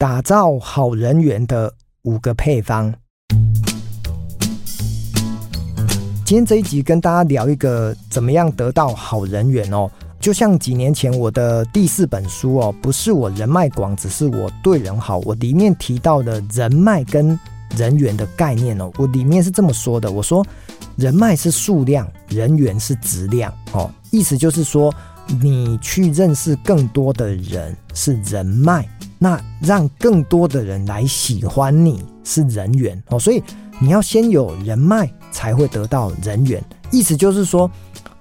打造好人緣的五個配方。今天這一集跟大家聊一個怎麼樣得到好人緣哦。就像幾年前我的第四本書哦，不是我人脈廣，只是我對人好。我裡面提到的人脈跟人緣的概念哦，我裡面是這麼說的：我說人脈是數量，人緣是質量哦。意思就是說。你去認識更多的人是人脈，那讓更多的人來喜歡你是人緣哦，所以你要先有人脈才會得到人緣。意思就是說，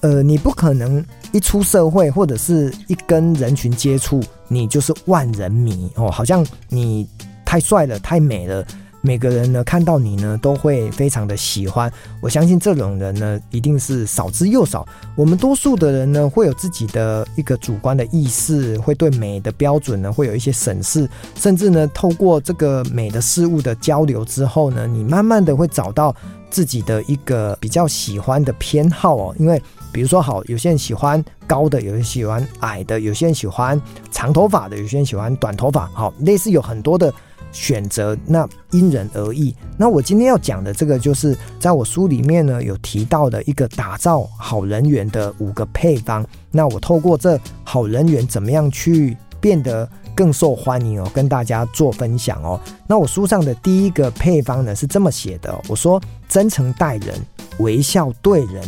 呃，你不可能一出社會或者是一跟人群接觸，你就是萬人迷哦，好像你太帥了，太美了。每個人呢，看到你呢，都會非常的喜歡。我相信這種人呢，一定是少之又少，我們多數的人呢，會有自己的一個主觀的意識，會對美的標準呢，會有一些審視。甚至呢，透過這個美的事物的交流之後呢，你慢慢的會找到自己的一個比較喜歡的偏好哦。因為比如說，好，有些人喜歡。高的有人喜歡，矮的有些人喜歡，長頭髮的有些人喜歡短頭髮，好、哦，類似有很多的選擇，那因人而異。那我今天要講的這個，就是在我書裡面呢有提到的一個打造好人緣的五個配方。那我透過這好人緣怎麼樣去變得更受歡迎哦，跟大家做分享哦。那我書上的第一個配方呢是這麼寫的，我說，真誠待人，微笑對人。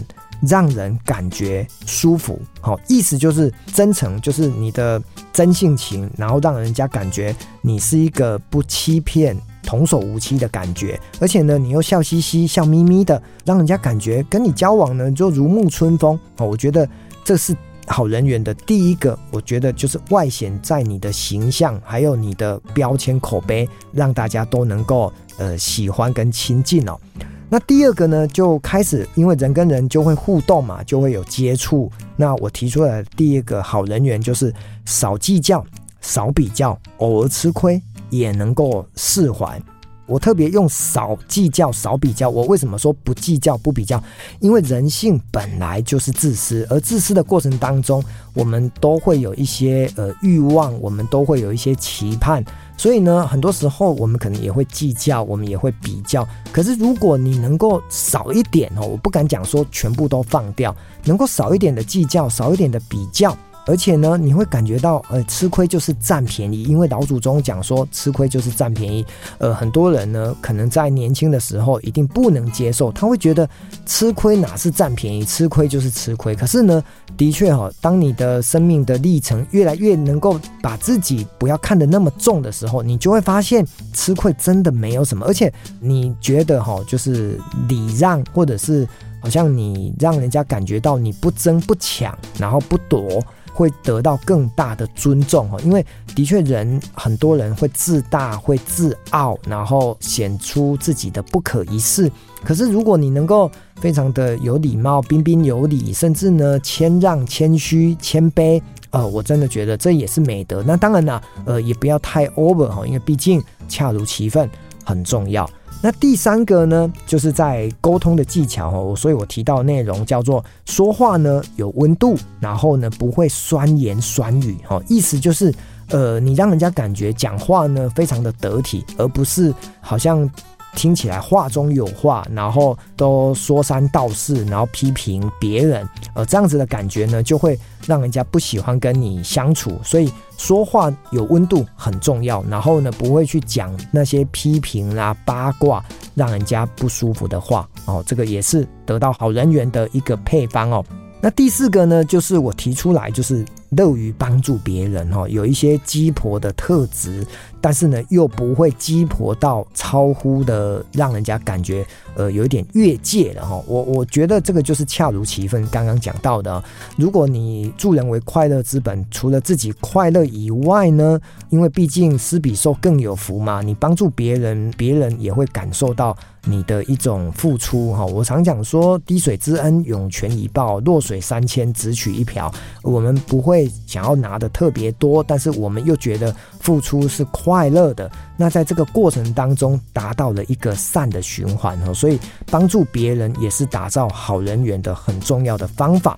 讓人感覺舒服，好，意思就是真誠，就是你的真性情，然後讓人家感覺你是一個不欺騙、童叟無欺的感覺，而且呢，你又笑嘻嘻、笑眯眯的，讓人家感覺跟你交往呢就如沐春風。我覺得這是好人緣的第一個，我覺得就是外顯在你的形象，還有你的標籤、口碑，讓大家都能夠呃喜歡跟親近哦。那第二個呢，就開始，因為人跟人就會互動嘛，就會有接觸。那我提出來的第一個好人緣，就是少計較、少比較，偶爾吃虧也能夠釋懷。我特別用少計較、少比較。我為什麼說不計較、不比較？因為人性本來就是自私，而自私的過程當中，我們都會有一些呃欲望，我們都會有一些期盼。所以呢，很多時候我們可能也會計較，我們也會比較。可是，如果你能夠少一點哦，我不敢講說全部都放掉，能夠少一點的計較，少一點的比較。而且呢，你會感覺到，呃，吃虧就是占便宜，因為老祖宗講說吃虧就是占便宜。呃，很多人呢，可能在年輕的時候一定不能接受，他會覺得吃虧哪是占便宜，吃虧就是吃虧。可是呢，的確哈，當你的生命的歷程越來越能夠把自己不要看得那麼重的時候，你就會發現吃虧真的沒有什麼。而且你覺得哈，就是禮讓，或者是好像你讓人家感覺到你不爭不搶，然後不躲。會得到更大的尊重，因為的確人很多人會自大、會自傲，然後顯出自己的不可一世。可是如果你能夠非常的有禮貌、彬彬有禮，甚至呢謙讓、謙虛、謙卑、呃，我真的覺得這也是美德。那當然、呃、也不要太 over，因為畢竟恰如其分很重要。那第三個呢，就是在溝通的技巧哦，所以我提到的內容叫做說話呢有溫度，然後呢不會酸言酸語哦，意思就是，呃，你讓人家感覺講話呢非常的得體，而不是好像聽起來話中有話，然後都說三道四，然後批評別人，呃，這樣子的感覺呢就會讓人家不喜歡跟你相處，所以說話有溫度很重要。然後呢，不會去講那些批評啦、啊、八卦，讓人家不舒服的話哦。這個也是得到好人緣的一個配方哦。那第四個呢，就是我提出來，就是。樂於幫助別人哈，有一些雞婆的特質，但是呢，又不會雞婆到超乎的，讓人家感覺呃有一點越界了哈。我我覺得這個就是恰如其分，剛剛講到的。如果你助人為快樂之本，除了自己快樂以外呢，因為畢竟施比受更有福嘛，你幫助別人，別人也會感受到。你的一種付出哈，我常講說，滴水之恩，湧泉以報，弱水三千，只取一瓢。我們不會想要拿得特別多，但是我們又覺得付出是快樂的。那在這個過程當中，達到了一個善的循環哈，所以幫助別人也是打造好人緣的很重要的方法。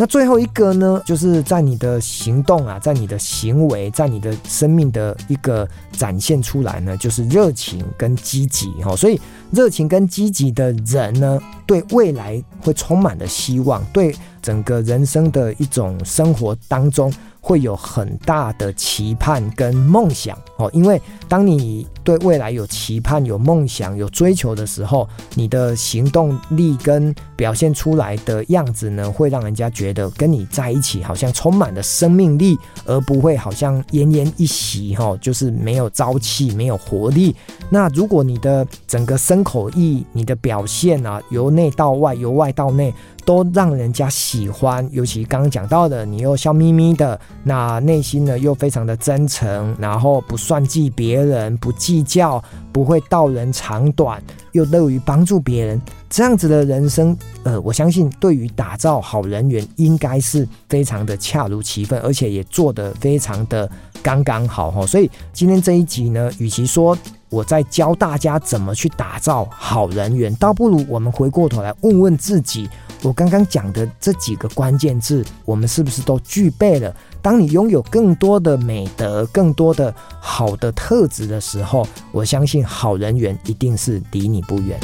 那最後一個呢，就是在你的行動啊，在你的行為，在你的生命的一個展現出來呢，就是熱情跟積極哈。所以，熱情跟積極的人呢，對未來會充滿了希望。對。整個人生的一種生活當中，會有很大的期盼跟夢想哦。因為當你對未來有期盼、有夢想、有追求的時候，你的行動力跟表現出來的樣子呢，會讓人家覺得跟你在一起好像充滿了生命力，而不會好像奄奄一息，就是沒有朝氣、沒有活力。那如果你的整個身口意，你的表現啊，由內到外，由外到內，都讓人家。喜歡，尤其剛剛講到的，你又笑眯眯的，那內心呢又非常的真誠，然後不算計別人，不計較，不會道人長短，又樂於幫助別人，這樣子的人生，呃，我相信對於打造好人緣應該是非常的恰如其分，而且也做得非常的剛剛好。所以今天這一集呢，與其說。我在教大家怎麼去打造好人緣，倒不如我們回過頭來問問自己，我剛剛講的這幾個關鍵字，我們是不是都具備了？當你擁有更多的美德、更多的好的特質的時候，我相信好人緣一定是離你不遠。